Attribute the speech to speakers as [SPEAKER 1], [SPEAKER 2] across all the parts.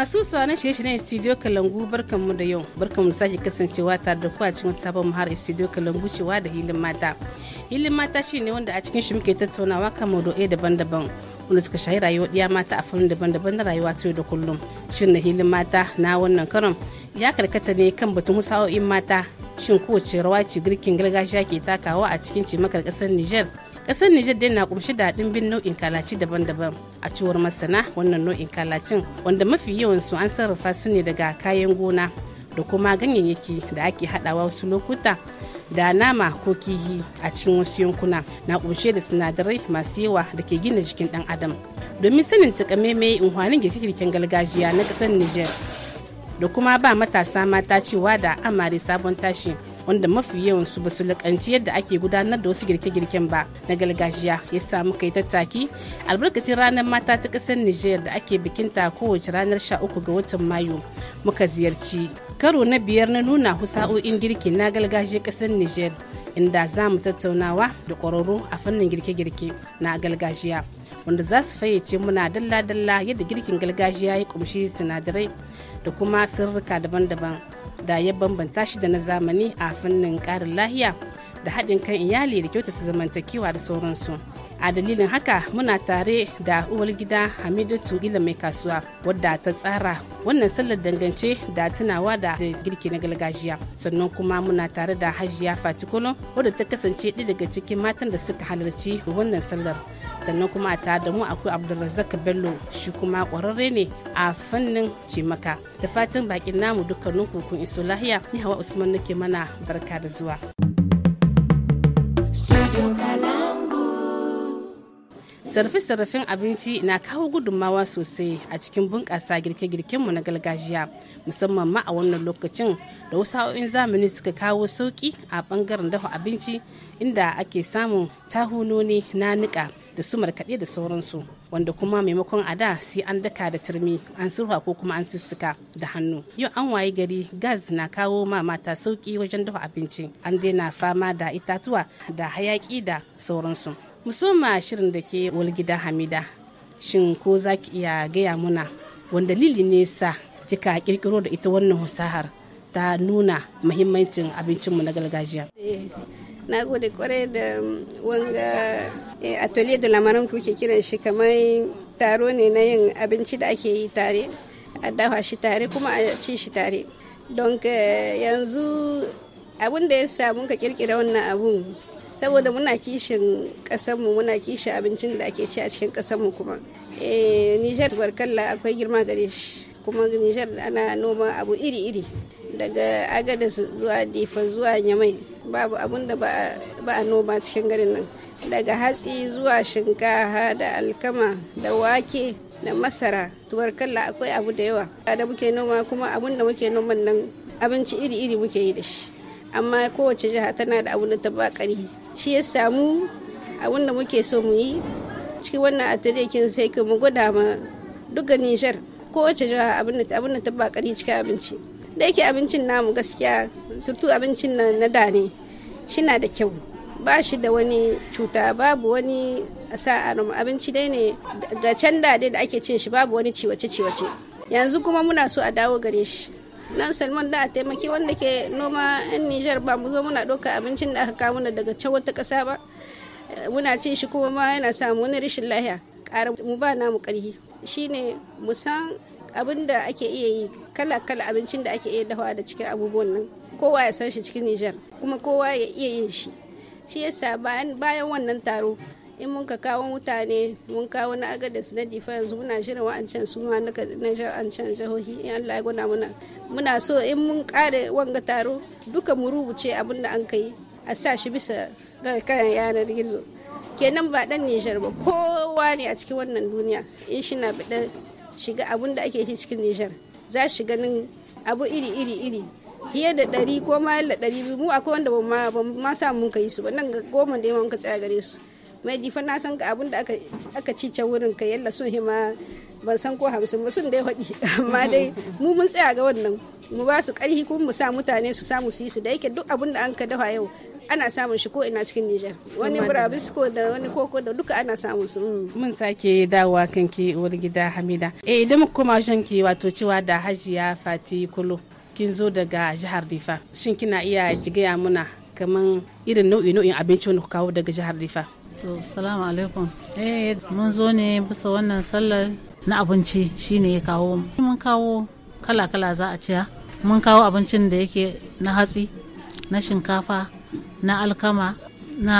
[SPEAKER 1] masu na shirye-shiryen studio kalangu mu da yau barkanmu da sake kasancewa tare da ku a cikin sabon mahar studio kalangu cewa da hilin mata hilin mata shi ne wanda a cikin shi muke tattaunawa kan maudu'ai daban-daban wanda suka shahi rayuwa ɗiya mata a fannin daban-daban na rayuwa ta yau da kullum na hilin mata na wannan karon ya karkata ne kan batun musa'o'in mata shin kowace rawa ce girkin gargajiya ke takawa a cikin cimakar ƙasar niger kasar Nijar dai na kumshi da bin nau'in kalaci daban-daban a cewar masana wannan nau'in kalacin wanda mafi yawansu an sarrafa su ne daga kayan gona da kuma ganyayyaki da ake haɗawa wasu lokuta da nama ko kihi a cikin wasu yankuna na kunshe da sinadarai masu yawa da ke gina jikin ɗan adam domin sanin takamaimai unhwanin girke-girken gargajiya na ƙasar Nijar da kuma ba matasa mata cewa da amare sabon tashi wanda mafi yawan su basu lakanci yadda ake gudanar da wasu girke-girken ba na gargajiya ya samu kai tattaki albarkacin ranar mata ta ƙasar Nijar da ake bikin ta kowace ranar sha uku ga watan Mayu muka ziyarci karo na biyar na nuna husa'o'in girki na galgaje ƙasar Nijar inda za mu tattaunawa da ƙwararru a fannin girke-girke na galgajiya. wanda za su fayyace muna dalla-dalla yadda girkin galgajiya ya kumshi sinadarai da kuma sirrika daban-daban da ya bambanta shi da na zamani a fannin ƙarin lahiya da haɗin kan iyali da kyautata zamantakewa da sauransu. a dalilin haka muna tare da uwar gida hamidatu gila mai kasuwa wadda ta tsara wannan sallar dangance da tunawa da girki na gargajiya sannan kuma muna tare da hajiya fatikolo wadda ta kasance ɗaya daga cikin matan da suka halarci wannan sallar sannan kuma a tare da mu akwai abdulrazak bello shi kuma kwararre ne a fannin cimaka da fatan bakin namu dukkanin kun iso lahiya ni hawa usman nake mana barka da zuwa Studio sarrafe-sarrafen abinci na kawo gudunmawa sosai a cikin bunƙasa girke-girkenmu na gargajiya musamman ma a wannan lokacin da wasu sa'o'in zamani suka kawo sauƙi a ɓangaren dafa abinci inda ake samun tahunoni na niƙa da su markaɗe da sauransu wanda kuma maimakon a da sai an daka da turmi an surfa ko kuma an sissuka da hannu yau an waye gari gas na kawo ma mata sauki wajen dafa abinci an daina fama da itatuwa da hayaƙi da sauransu musamman shirin da ke walgida hamida shin ko za ki iya gaya muna wanda dalili ne sa kika kirkiro da ita wannan fasahar ta nuna muhimmancin abincinmu na gargajiya
[SPEAKER 2] na gode kwarai da wanga eh, atelier da lamarin kuke kiran shi kamar taro ne na yin abinci da ake yi tare a dafa shi tare kuma a ci shi tare don yanzu abin da ya samu ka kirkira wannan abun saboda muna kishin kasanmu muna kishin abincin da ake ci a cikin kasanmu kuma eh nijar barkalla akwai girma gare shi kuma nijar ana noma abu iri-iri daga agadas zuwa difa zuwa nyamai babu abun da ba a noma cikin garin nan daga hatsi zuwa shinkafa da alkama da wake da masara tubarkalla akwai abu da yawa da muke noma kuma abun da muke noman nan abinci iri-iri muke yi da shi amma kowace jiha tana da abu da ta ba shi ya samu abin da muke so mu yi cikin wannan atalikin sai ka mu gwada ma duka nijar wace jiha abin da ta bakari cikin abinci da yake abincin namu gaskiya surtu abincin na da ne shi na da kyau ba shi da wani cuta babu wani sa'a abinci dai ne ga can da da ake cin shi babu wani ciwace-ciwace yanzu kuma muna so a dawo gare shi nan salman da a taimaki wanda ke noma yan nijar ba mu zo muna ɗauka abincin da aka kawo mana daga can wata ƙasa ba eh, muna cin shi kuma ma yana samu wani rashin lahiya ƙara mu ba namu ƙarfi shine mu san abin da ake iya yi kala kala abincin da ake iya dafawa da cikin abubuwan nan kowa ya san shi cikin nijar kuma kowa ya iya yin shi shi yasa bayan wannan taro in mun ka kawo mutane mun kawo na su na difa yanzu muna shirin wa'ancan su ma na wa'ancan jihohi in Allah ya guna muna muna so in mun kare wanga taro duka mu rubuce abin da an kai a sa shi bisa ga kayan yanar gizo kenan ba dan Nijar ba kowa ne a cikin wannan duniya in shi na bada shiga abin da ake cikin Nijar za shi ganin abu iri iri iri fiye da ɗari ko mayar da ɗari biyu mu akwai wanda ba ma samu mun kai su ba nan goma da yamma muka tsaya gare su mai difa na san abin da aka ci can wurin ka yalla so hima ban san ko hamsin sun dai haɗi amma dai mu mun tsaya ga wannan mu ba su ƙarfi kuma mu sa mutane su samu su yi su da yake duk abin da an ka dafa yau ana samun shi ko ina cikin Nijar wani burabisko da wani koko da duka ana samun su mm.
[SPEAKER 1] mun sake dawowa kanki wani gida Hamida eh idan mu koma ki wato cewa da Hajiya Fati Kulo kin zo daga jihar Difa shin kina iya jigaya muna kaman irin nau'i nau'in abinci wanda kawo daga jihar Difa to salamu alaikum eh mun zo ne bisa
[SPEAKER 3] wannan sallar na abinci shine ya kawo mun kawo kala-kala za a ciya mun kawo abincin da yake na hatsi na shinkafa na alkama na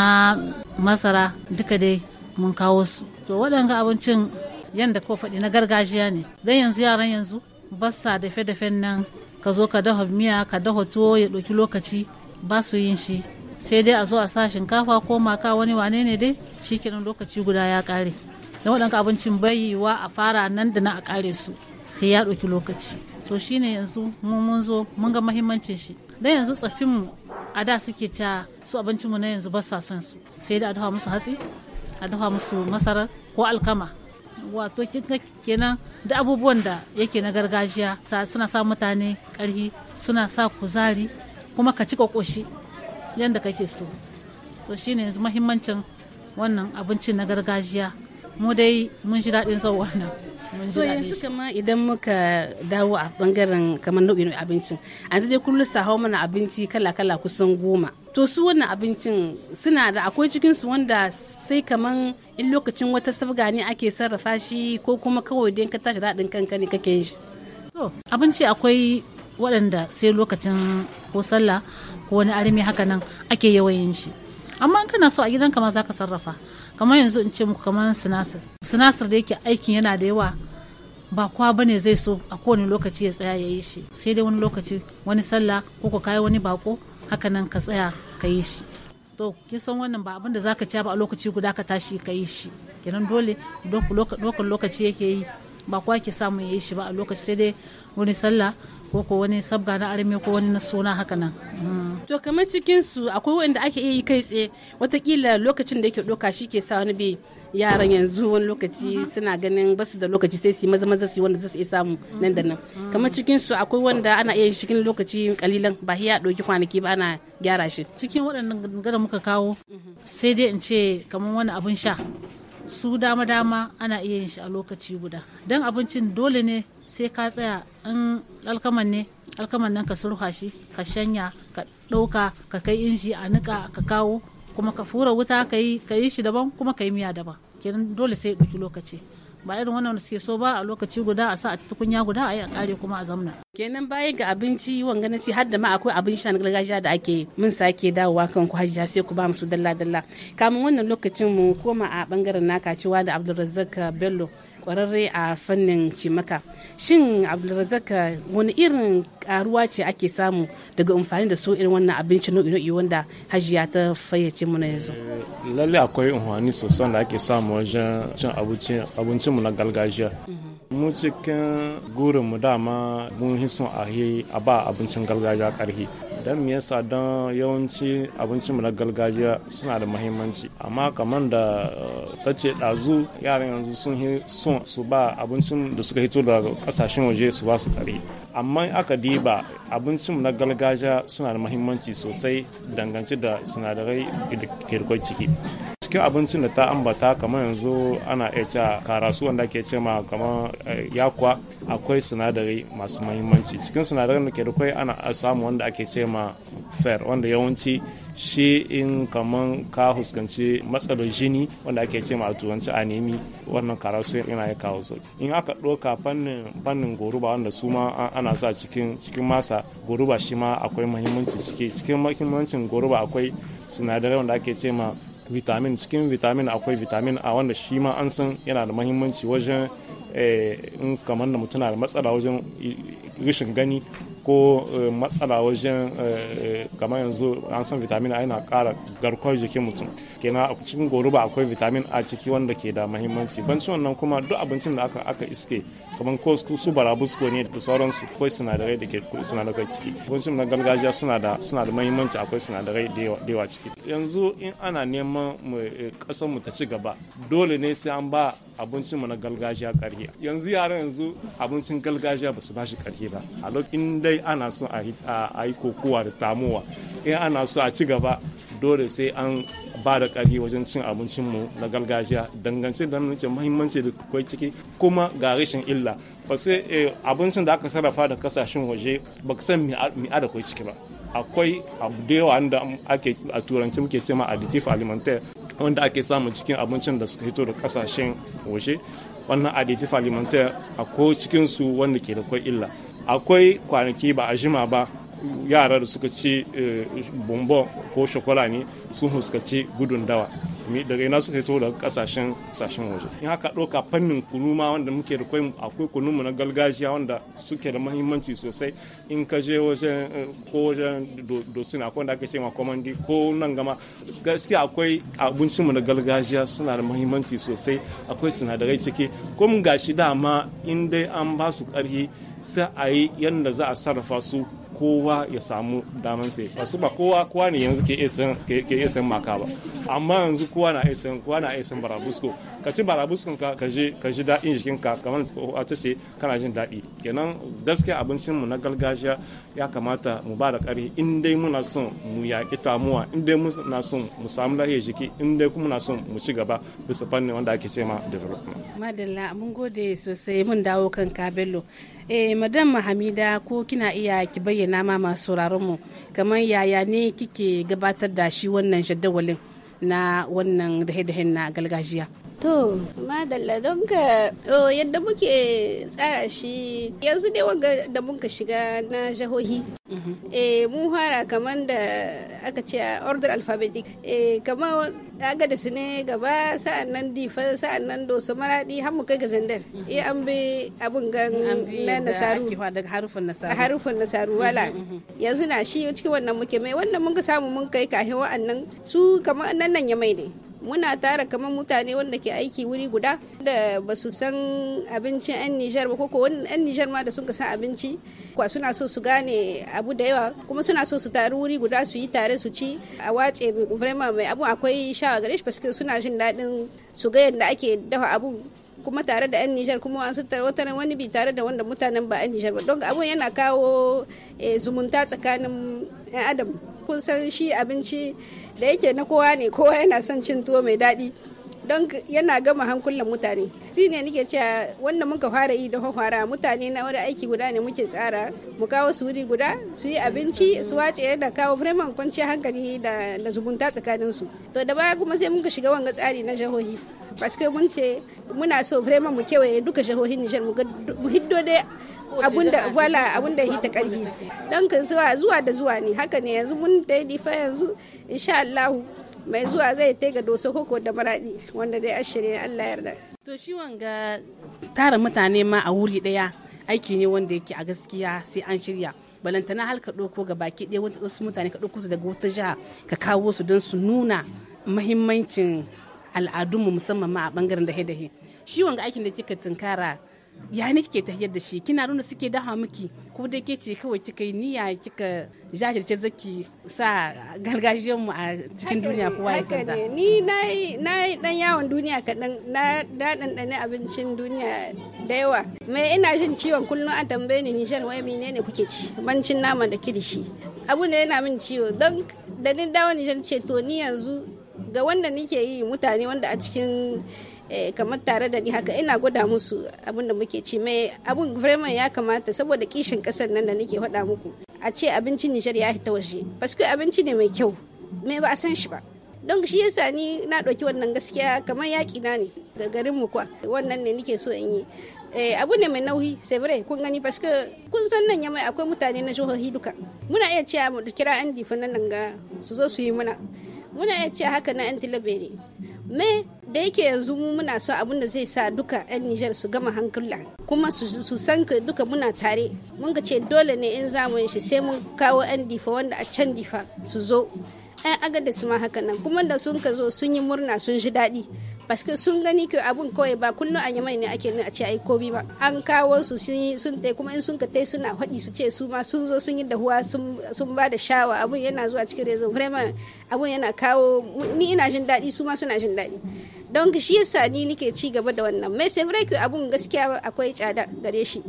[SPEAKER 3] masara duka dai mun kawo su to waɗanga abincin yadda ko faɗi na gargajiya ne don yanzu yaran yanzu basa sa dafe-dafen nan ka zo ka dafa miya ka dafa tuwo ya ɗauki lokaci ba su yin shi sai dai a zo a sa shinkafa ko maka wani wane ne dai shikenan lokaci guda ya kare da waɗanka abincin bai wa a fara nan da na a kare su sai ya ɗauki lokaci to shine yanzu mu mun zo mun ga mahimmancin shi dan yanzu tsaffinmu a da suke ca su abincinmu na yanzu ba sa son su sai dai a dafa musu hatsi a dafa musu masarar ko alkama wato kenan da abubuwan da yake na gargajiya suna sa mutane karhi suna sa kuzari kuma ka ci kokoshi yadda kake so to shine yanzu mahimmancin wannan abinci na gargajiya mu dai mun ji daɗin zauwa nan to yanzu
[SPEAKER 1] kama idan muka dawo a bangaren kamar nau'in abincin an dai kullum sa hau mana abinci kala-kala kusan goma to su wannan abincin suna da akwai cikin su wanda sai kaman in lokacin wata sabga ne ake sarrafa shi ko kuma kawai dan ka tashi daɗin kanka ne kake yin shi to abinci akwai waɗanda sai
[SPEAKER 3] lokacin ko sallah ko wani armi haka nan ake yawayin shi amma in kana so a gidanka ma zaka sarrafa kamar yanzu in ce muku kamar sinasir sinasir da yake aikin yana da yawa ba kwa bane zai so a kowane lokaci ya tsaya ya yi shi sai dai wani lokaci wani sallah ko ka kayi wani bako haka nan ka tsaya ka yi shi to kin san wannan ba abin da zaka ci ba a lokaci guda ka tashi ka yi shi kenan dole dokan lokaci yake yi ba kwa ke samu ya yi shi ba a lokaci sai dai wani sallah ko ko wani sabga na arme ko wani na suna haka nan.
[SPEAKER 1] To kamar cikin su akwai wanda ake iya yi kai tsaye watakila lokacin da yake doka shi ke sa wani bi yaran yanzu wani lokaci mhm. suna ganin basu da lokaci sai su maza maza su wanda zasu iya samu nan da nan mhm. kamar cikin su akwai wanda ana iya cikin lokaci kalilan ba ya ɗauki kwanaki ba ana gyara shi cikin waɗannan gada muka kawo mhm.
[SPEAKER 3] sai dai in ce kamar wani abin sha su dama dama ana iya yin shi a lokaci guda dan abincin dole ne sai ka tsaya in alkaman ne alkaman nan ka surfa shi ka shanya ka ɗauka ka kai inji a niƙa ka kawo kuma ka fura wuta ka yi ka yi shi daban kuma ka yi miya daban kenan dole sai ɗauki lokaci ba irin wannan suke so ba a lokaci guda a sa a tukunya guda a yi a ƙare kuma a zamna.
[SPEAKER 1] kenan bayan ga abinci wanga na ci har da ma akwai abin sha na gargajiya da ake mun sake dawowa kan ku hajiya sai ku ba mu su dalla dalla kamin wannan lokacin mu koma a bangaren naka cewa da abdulrazzak bello kwararre a fannin cimaka shin abdulrazak wani irin karuwa ce ake samu daga amfani da su irin wannan abinci nau'i-nau'i wanda hajiya ta fayyace mu na yanzu
[SPEAKER 4] eh, lalle akwai amfani sosai da ake samu wajen cin abincin mu na gargajiya mhm. mu cikin gurin mu dama mun hisun ahi a ba abincin gargajiya karhi don me yasa don yawanci abincin mu na gargajiya suna da muhimmanci amma kamar da eh, ta ce ɗazu yaran yanzu sun son su ba abincin da suka hito daga kasashen waje su ba su kare amma aka diba abincin na gargajiya suna da mahimmanci sosai dangance da sinadarai girkon ciki cikin abincin da ta ambata kamar yanzu ana iya cewa karasu wanda ke ce ma kamar eh, yakwa akwai sinadarai masu mahimmanci cikin sinadarai da ke da ana samu wanda ake ce ma fair wanda yawanci shi in kaman ka huskanci matsalar jini wanda ake ce ma turanci anemi wannan karasu yana ya kawo sauki in aka ɗoka fannin fannin goruba wanda su ma ana sa cikin cikin masa goruba shi ma akwai muhimmanci ciki cikin muhimmancin goruba akwai sinadarai wanda ake ce ma vitamin cikin vitamin akwai vitamin a wanda shi ma an san yana da muhimmanci wajen eh, in kamar da mutum na da matsala wajen eh, rashin gani ko eh, matsala wajen eh, eh, kamar yanzu an san vitamin A yana kara garkuwar jikin mutum kenan a cikin goruba akwai vitamin A ciki wanda ke da mahimmanci bancin wannan kuma duk abincin da aka aka iske kamar ko su barabusko ne da sauransu akwai sinadarai da ke sinadarai ciki abincin na gargajiya suna da suna da mahimmanci akwai sinadarai da yawa ciki yanzu in ana neman ƙasar mu ta ci gaba dole ne sai an ba abincin mu na gargajiya ƙarfi yanzu yaran yanzu abincin gargajiya ba su ba shi ƙarfi ba a lokacin dai ana so a yi kokowa da tamuwa in ana so a ci gaba dole sai an ba da ƙarfi wajen cin abincinmu na gargajiya dangance da nuna mahimmanci da kwai ciki kuma ga rashin illa ba sai eh, abincin da aka sarrafa da kasashen waje ba san mi'a da kwai ciki ba akwai abu da yawa da ake a turanci muke cema additive alimentaire wanda ake samu cikin abincin da suka hito da kasashen waje wannan additive alimentaire akwai cikinsu wanda ke da kwai illa akwai kwanaki ba a jima ba yara da suka ci eh, bombon ko shokola ne sun huskaci gudun dawa daga ina suka fito daga kasashen kasashen waje in haka ɗauka fannin kunu ma wanda muke da kwai akwai kunuma na galgajiya wanda suke da mahimmanci sosai in ka je wajen eh, ko wajen dosin akwai wanda ake ma komandi ko nan gama gaskiya akwai abincin mu na galgajiya suna da mahimmanci sosai akwai sinadarai ciki mun gashi dama in dai an ba su ƙarfi sai a yi yadda za a sarrafa su kowa ya samu daman sai ba su ba kowa kowa ne yanzu ke isan maka ba amma yanzu kowa na isan kowa na isan barabusko ka ci barabuskin ka ka ji ka ji daɗin jikin ka kamar a ta ce kana jin daɗi kenan gaskiya abincin mu na gargajiya ya kamata mu ba da ƙarfi in dai muna son mu yaƙi tamuwa in dai muna son mu samu lahiyar jiki in dai kuma muna son mu ci gaba bisa fannin wanda ake ce ma development
[SPEAKER 1] madalla mun gode sosai mun dawo kan kabello eh madam Mahamida ko kina iya ki bayyana ma masu mu kamar yaya ne kike gabatar da shi wannan jadawalin na wannan dahe-dahen na gargajiya
[SPEAKER 2] To, madalla don ka yadda muke tsara shi yanzu dai wanga da muka shiga na jahohi. Mhm. Eh mun fara kamar da aka ce order alphabetic. Eh, kamar aga da su ne gaba sa'an nan difa sa'an nan dosa maradi har mu kai ga zandar. E an bi abun gan na nasaru. harufin nasaru. Harufin nasaru wala. Mhm, yanzu na shi cikin wannan muke mai wannan mun ka samu mun kai kahin wa'annan su kamar nan nan ya mai ne. muna tara kamar mutane wanda ke aiki wuri guda da ba su san abincin 'yan nijar ba koko 'yan nijar ma da sun san abinci kuwa suna so su gane abu da yawa kuma suna so su taru wuri guda su yi tare su ci a wace vraiment mai abu akwai shawa gare shi suna jin daɗin su ga yadda ake dafa abu kuma tare da 'yan Nijar kuma wasu wata wani bi tare da wanda mutanen ba 'yan Nijar ba don abun yana kawo eh, zumunta tsakanin 'yan adam kun san shi abinci da yake na kowa ne kowa yana son cin tuwo mai daɗi don yana gama hankulan mutane shi ne nake cewa wanda muka fara yi da hwara mutane na wani aiki guda ne muke tsara mu kawo su wuri guda su yi abinci su wace da kawo vraiment kwanciyar hankali da zumunta tsakaninsu to da baya kuma sai muka shiga wanga tsari na jihohi parce que mun ce muna so vraiment mu kewaye duka jihohin Niger mu hiddo dai abunda wala abunda hita karhi dan kan zuwa zuwa da zuwa ne haka ne yanzu mun dai fa yanzu insha Allah mai zuwa zai tai ga doso koko da maradi wanda dai ashirin Allah yarda to shi wanga
[SPEAKER 1] tara mutane ma a wuri daya aiki ne wanda yake a gaskiya sai an shirya balantana hal ka ɗauko ga baki ɗaya wasu mutane ka ɗauko su daga wata jiha ka kawo su don su nuna muhimmancin. al'adunmu musamman ma a bangaren da dahe shi wanga aikin da kika tunkara ya ne kike tafiyar da shi kina nuna suke dafa miki ko da ke ce kawai kika yi niyya kika jajirce zaki sa gargajiyar mu a cikin duniya kowa ya da. ni
[SPEAKER 2] na yi dan yawon duniya kadan na daɗin abincin duniya da yawa mai ina jin ciwon kullun an tambaye ni nishan wai menene kuke ci bancin naman da kirishi abu ne yana min ciwo dan da ni dawo nishan ce to ni yanzu ga wanda nike yi mutane wanda a cikin eh, kamar tare da ni haka ina gwada musu abin da muke ci mai abin vraiment ya kamata saboda kishin kasar nan da nike faɗa muku a ce abincin Nijar ya ta waje paske abinci ne mai kyau mai ba a san shi ba don shi yasa ni na ɗauki wannan gaskiya kamar yaƙi na ne ga garin mu kwa wannan ne nike so in yi eh, abu ne mai nauyi sai bare kun gani paske kun san nan yamai akwai mutane na jihohi duka muna iya cewa mu kira an difa nan ga su zo su yi muna muna iya ce haka na 'yan ne me da yake yanzu mu muna so abin da zai sa duka 'yan nijar su gama hankula kuma su san ka duka muna tare mun ga ce dole ne in zamani shi sai mun kawo 'yan difa wanda a can difa su zo 'yan su ma haka nan kuma da sun ka zo sun yi murna sun ji daɗi parce que sun gani ke abun kawai ba kullum a yamai ne ake ne a ce ai kobi ba an kawo su sun tai kuma in sun ka tai suna haɗi su ce su ma sun zo sun yi da huwa sun ba da shawa abun yana zuwa cikin rezo vraiment abun yana kawo ni ina jin daɗi su ma suna jin daɗi don shi yasa ni nake ci gaba da wannan mai sai vrai abun gaskiya akwai tsada gare shi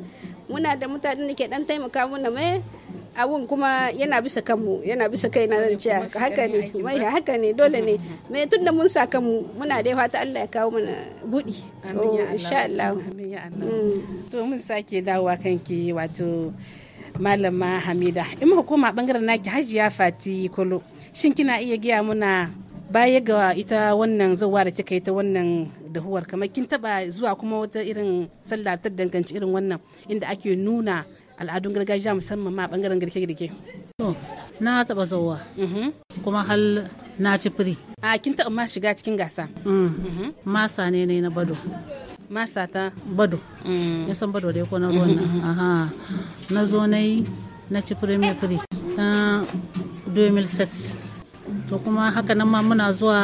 [SPEAKER 2] muna da mutanen da ke dan taimaka mana mai abun kuma yana bisa kanmu yana bisa kai na zan cewa haka ne mai haka ne dole ne mai tun da mun sa kanmu muna dai fata Allah ya kawo mana budi oh, insha Allah mm.
[SPEAKER 1] to mun sake dawowa kanki wato malama Hamida in hukuma bangaren naki Hajiya Fati Kolo shin kina iya giya muna baya ga ita wannan zuwa da kika ita ta wannan dahuwar kamar kin taba zuwa kuma wata irin sallar ta danganci irin wannan inda ake nuna al'adun gargajiya musamman ma a bangaren girke-girke
[SPEAKER 3] to na taba zauwa mhm. kuma hal na ci firi
[SPEAKER 1] a kin taba ma shiga
[SPEAKER 3] cikin gasa mm. mhm. masa ne ne na bado masa ta bado mm. ya san bado dai ko na ruwan nan mhm. aha na zo na yi na ci firi mai firi ta 2007 to kuma haka nan ma muna zuwa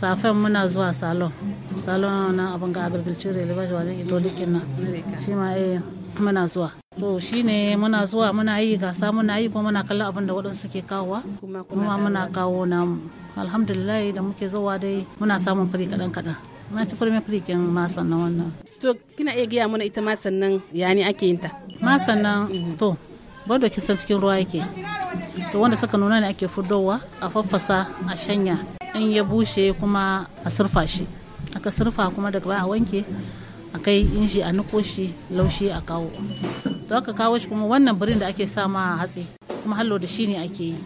[SPEAKER 3] safen muna zuwa salon salon na abin ga agriculture relevance wajen ito dukkan nan shi ma eh muna zuwa to ne muna zuwa muna yi gasa muna yi kuma muna kalla abin da waɗansu ke kawowa kuma muna kawo namu alhamdulillah da muke zuwa dai muna samun fari kaɗan kaɗan na ci kurmi fari kin masan na wannan to kina iya gaya mana ita masan nan ya ne ake yin ta masan nan mhm. to bado kin san cikin ruwa yake to wanda suka nuna ne ake fudowa a faffasa a shanya in ya bushe kuma a surfa shi aka surfa kuma daga baya a wanke a kai inji a niko shi laushi a kawo to aka kawo shi kuma wannan birin da ake sa ma hatsi kuma hallo da shi ne ake yi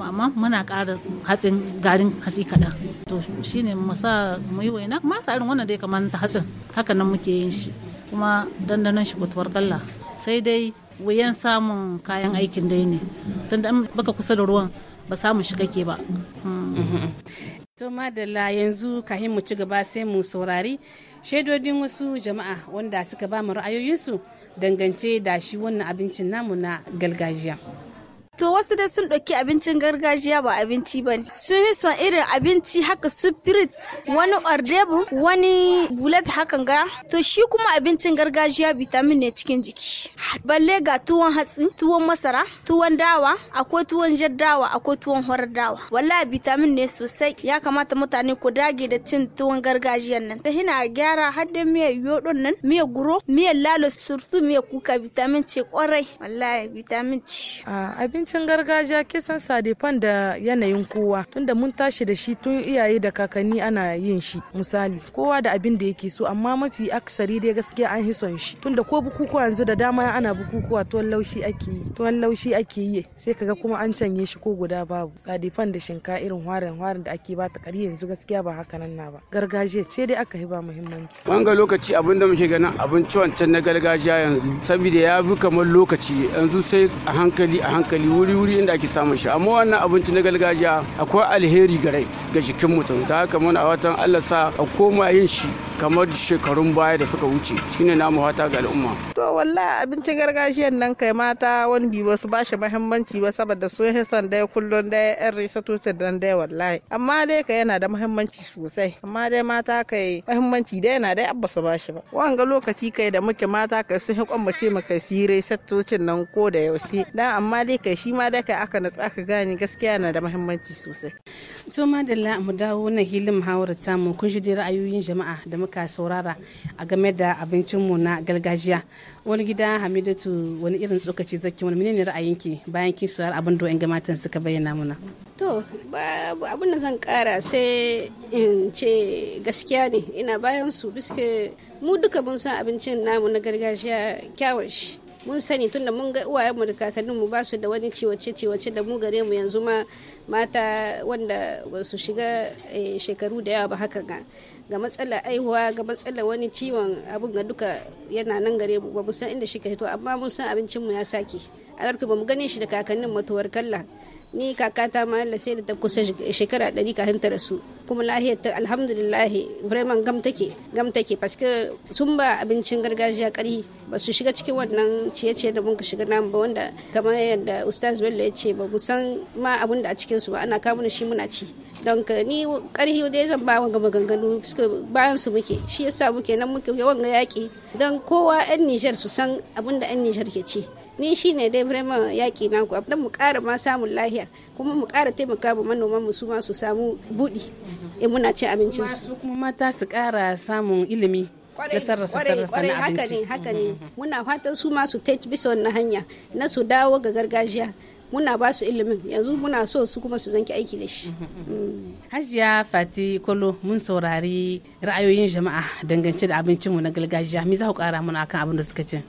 [SPEAKER 3] amma muna ƙara hatsin garin hatsi kaɗan to shi ne sa mu yi waina ma sa irin wannan dai kamar ta hatsin haka nan muke yin shi kuma dandanon shi kutuwar kalla sai dai wuyan samun kayan aikin dai ne tunda baka kusa da ruwan ba samu shi kake ba hmm.
[SPEAKER 1] to madalla yanzu kahin mu ci gaba sai mu saurari shaidodin wasu jama'a wanda suka ba mu ra'ayoyinsu dangance da shi wannan abincin namu na gargajiya. To wasu dai sun ɗauki abincin gargajiya ba abinci ba ne. Sun yi son irin abinci haka firit wani ordebu wani bulet hakan ga. To shi kuma abincin gargajiya bitamin ne cikin jiki. Balle ga tuwon hatsi, tuwon masara, tuwon dawa, akwai tuwon jar dawa, akwai tuwon horar dawa. Wallahi vitamin ne sosai. Ya kamata mutane ku dage da cin tuwon gargajiyan nan. Ta hina gyara har da miyar nan, miyar guro, miyar lalo, surtu miyar kuka vitamin ce kwarai. Wallahi vitamin ce. Ah, abinci abincin gargajiya kisan sadefan da yanayin kowa tunda mun tashi da shi tun iyaye da kakanni ana yin shi misali kowa da abin da yake so amma mafi aksari dai gaskiya an hi son shi tunda ko bukukuwa yanzu da dama ana bukukuwa tuwon laushi ake yi tuwon laushi ake yi sai kaga kuma an canye shi ko guda babu sadefan da shinka irin hwarin hwarin da ake bata kari yanzu gaskiya ba haka nan na ba gargajiya ce dai aka hi ba muhimmanci wanga
[SPEAKER 4] lokaci abin da muke ganin abinci wancan na gargajiya yanzu saboda ya bi kamar lokaci yanzu sai a hankali a hankali wuri-wuri inda ake samun shi amma wannan abinci na gargajiya akwai alheri gare ga jikin mutum da haka a watan Allah sa a koma yin shi kamar shekarun baya da suka wuce shine namu wata ga al'umma
[SPEAKER 1] to wallahi abincin gargajiyan nan kai mata wani bi wasu ba shi muhimmanci ba saboda sun yi dai kullun dai yan risa tutar dan dai wallahi amma dai kai yana da muhimmanci sosai amma dai mata kai muhimmanci dai yana dai abba su ba shi ba wanga lokaci kai da muke mata kai sun yi kwammace mu kai su yi risa nan ko da yaushe dan amma dai kai shi shi ma daka aka natsa aka gane gaskiya na da muhimmanci sosai to madalla mu dawo na hilin muhawarar mu kun shi ra'ayoyin jama'a da muka saurara a game da abincin mu na gargajiya wani gida hamidatu wani irin tsokaci zaki wani menene ra'ayinki bayan kin saurari abin da ga matan suka bayyana muna
[SPEAKER 2] to babu abin da zan kara sai in ce gaskiya ne ina bayan su biske mu duka mun san abincin namu na gargajiya kyawun mun sani tunda mun ga uwayenmu da kakannin ba su da wani ciwace-ciwace da mu gare mu yanzu ma mata wanda ba su shiga eh, shekaru da yawa ba haka ga ga matsala aihuwa ga matsala wani ciwon abun ga duka yana nan gare mu ba mu san inda shi ka hito amma mun san abincin mu ya sake alarku ba mu gane shi da kakannin matuwar kalla ni kakata ma Allah sai da ta kusa shekara ɗari kafin ta rasu kuma lahiyar ta alhamdulillah vraiment gam take gam take paske sun ba abincin gargajiya ƙarhi ba su shiga cikin wannan ciye-ciye da muka shiga namu ba wanda kamar yadda ustaz bello ya ce ba mu san ma abun da a cikin su ba ana kamun shi muna ci don ka ni ƙarhi dai zan ba wanga maganganu paske bayan su muke shi yasa muke nan muke wanga yaƙi don kowa 'yan Nijar su san abin da 'yan Nijar ke ci ni shine dai vraiment yaki na ku abin mu ƙara ma samun lahiya kuma mu ƙara taimaka ba manoman mu su ma su samu buɗi in eh, muna ci abincin su
[SPEAKER 1] kuma mata su ƙara samun ilimi da sarrafa sarrafa na abinci
[SPEAKER 2] haka ne mhm. muna fatan su ma su tace bisa wannan hanya na su dawo ga gargajiya muna ba su ilimin yanzu muna so su kuma su zanki aiki da shi. Mhm, mhm, mm.
[SPEAKER 1] Hajiya Fati Kolo mun saurari ra'ayoyin jama'a dangance da abincinmu na gargajiya me za ku kara mana akan abin da suka ce?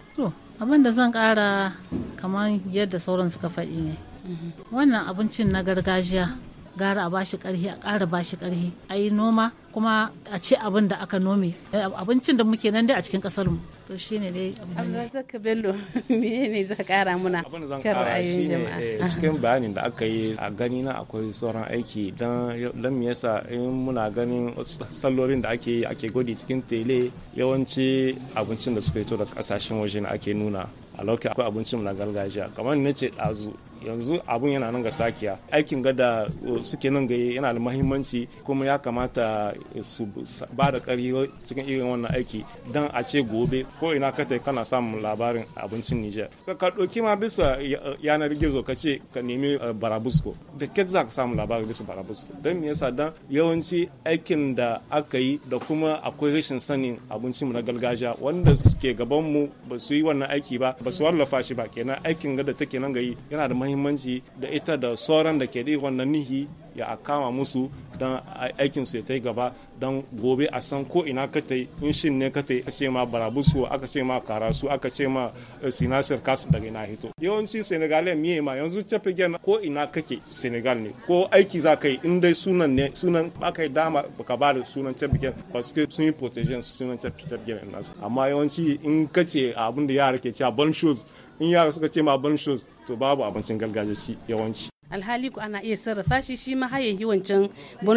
[SPEAKER 3] abin da zan kara kamar yadda sauran suka faɗi ne wannan abincin na gargajiya gara a bashi karhi a ƙara bashi karhi a yi noma kuma a ce abin da aka nome abincin da muke nan dai a cikin kasar mu to shine
[SPEAKER 1] dai abin bello ne za kara muna kan ra'ayoyin jama'a
[SPEAKER 4] eh, cikin bayanin da aka yi a gani na akwai sauran aiki dan dan me yasa in muna ganin sallolin da ake ake godi cikin tele yawanci abincin da suka yi to da kasashen waje ne ake nuna a lokacin akwai abincin na gargajiya kamar ne ce dazu yanzu abun yana nan ga sakiya aikin gada uh, suke nan ga yana da mahimmanci kuma ya kamata uh, su ba da kari cikin irin wannan aiki don a ce gobe ko ina ka kana samun labarin abincin Nijar ka ɗauki ma bisa yanar gizo ka ce ka nemi uh, barabusko da ke za ka samu labarin bisa barabusko don me yasa don yawanci aikin da aka yi da kuma akwai rashin sanin abincin mu na gargajiya wanda suke gaban mu ba su yi wannan aiki ba ba su wallafa shi ba kenan aikin gada take nan ga yi yana da mahimmanci mahimmanci da ita da sauran da ke da wannan nihi ya a kama musu don aikin su ya ta gaba don gobe a san ko ina ka ta in ne ka ta aka ce ma barabusu aka ce ma karasu aka ce ma eh, sinasir kasu daga ina hito yawanci senegalai miye ma yanzu tafi gyan ko ina kake senegal ne ko aiki za ka yi in dai sunan ne sunan aka yi dama ka ba da sunan tafi gyan paske sun yi protection sunan tafi gyan nasu amma yawanci in ka ce abin da yara ke cewa ban shoes in yara suka ce ma ban shoes to babu abincin gargajiya yawanci
[SPEAKER 1] alhali ku ana iya sarrafa shi shi ma yi wancan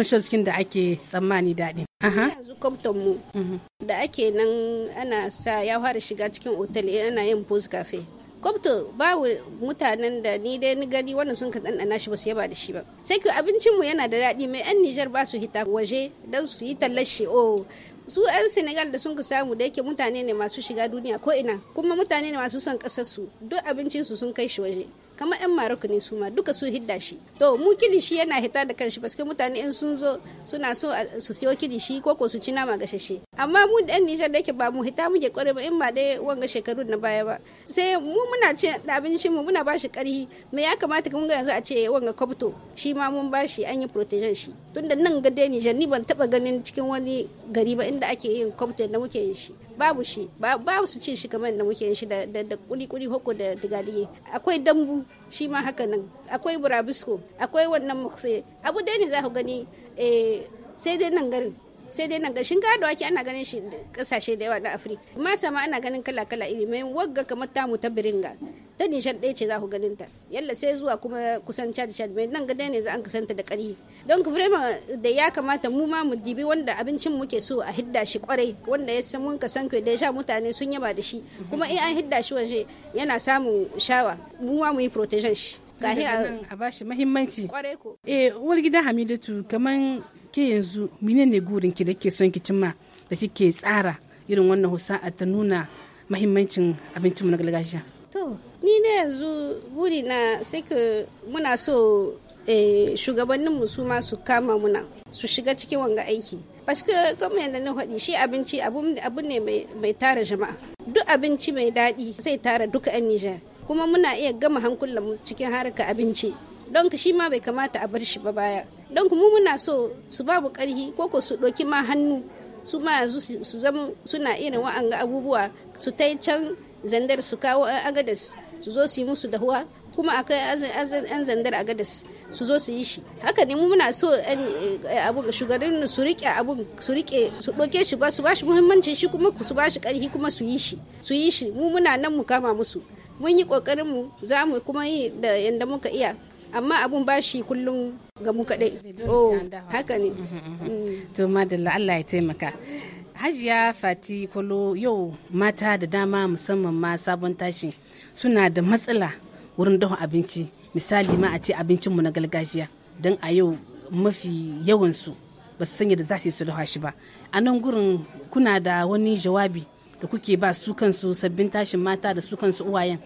[SPEAKER 1] shoes da ake tsammani daɗi.
[SPEAKER 2] yanzu kwamfutan mu mhm. da ake nan ana sa ya fara shiga cikin otal eh, ana yin post cafe ba babu mutanen da ni dai ni gani wannan sun ka ɗanɗana shi ba su yaba da shi ba sai ku abincinmu yana da daɗi mai yan nijar ba su hita waje don su yi tallar shi o oh, su 'yan senegal da sun ka samu da yake mutane ne masu shiga duniya ko ina kuma mutane ne masu son kasarsu duk abincinsu sun kai shi waje kamar 'yan maroko ne su ma duka su hidda shi to mu kilishi yana hita da kanshi paske mutane in sun zo suna so su siyo kilishi ko ko su ci nama gashashe amma mu da 'yan nijar da yake ba mu hita muke kware ba in ba dai wanga shekaru na baya ba sai mu muna cin abincin mu muna bashi karhi me ya kamata kun ga yanzu a ce wanga kwabto shi ma mun bashi an yi protejan shi Tunda nan nan gade Nijar ni ban taba ganin cikin wani gari ba inda ake yin cocktail da muke yin shi babu shi babu su cin shi kamar da muke yin shi da da kuli kuli hoko da digadiye akwai dambu shi ma haka nan akwai burabisko akwai wannan mukfe abu dai ne za ku gani eh sai dai nan garin sai dai nan ga shinkafa da wake ana ganin shi kasashe da yawa na afirka masa ma ana ganin kala kala iri mai wagga kamar tamu ta biringa ta nishan ɗaya ce za ku ganin ta yalla sai zuwa kuma kusan Chad Chad mai nan gada ne za an kasanta da ƙarhi don ku da ya kamata mu ma mu dibi wanda abincin muke so a hidda shi kwarai wanda ya san mun kasan ku da sha mutane sun yaba da shi kuma in an hidda shi waje yana samun shawa mu ma mu yi protection shi a
[SPEAKER 1] bashi muhimmanci kwarai ko eh uwar gidan Hamidatu kaman ke yanzu menene gurin ki da ke son ki cimma da kike tsara irin wannan husa'a ta nuna mahimmancin abincinmu na gargajiya
[SPEAKER 2] to ni ne yanzu buri na sai ka muna so eh, shugabanninmu su ma su kama muna su shiga cikin wanga aiki paske kuma yadda na faɗi shi abinci abu ne mai tara jama'a duk abinci mai daɗi zai tara duka 'yan nijar kuma muna iya gama hankulanmu cikin harka abinci don shi ma bai kamata a bar shi ba baya don mu muna so su babu ƙarhi ko ko su ɗoki ma hannu su ma yanzu su zama suna irin wa'anga abubuwa su ta can zandar su kawo agadas su zo su yi musu dahuwa kuma akai yan zandar a gadas su zo su yi shi haka ne mu muna so eh, abun shugabannin su rike abun su rike su doke shi ba su ba shi muhimmanci shi kuma su ba shi karfi kuma su yi shi su yi shi mu muna nan mu kama musu mun yi kokarin mu za mu kuma yi da yanda muka iya amma abun ba shi kullum ga mu kadai oh haka ne mm-hmm, mm-hmm. Mm. to
[SPEAKER 1] madalla Allah ya taimaka hajiya fati kwalo yau mata da dama musamman ma sabon tashi suna da matsala wurin dafa abinci misali ma a ce abincinmu na gargajiya don a yau mafi yawansu ba su sanya da za su dafa shi ba a nan gurin kuna da wani jawabi da kuke ba su kansu sabbin tashin mata da su kansu uwayen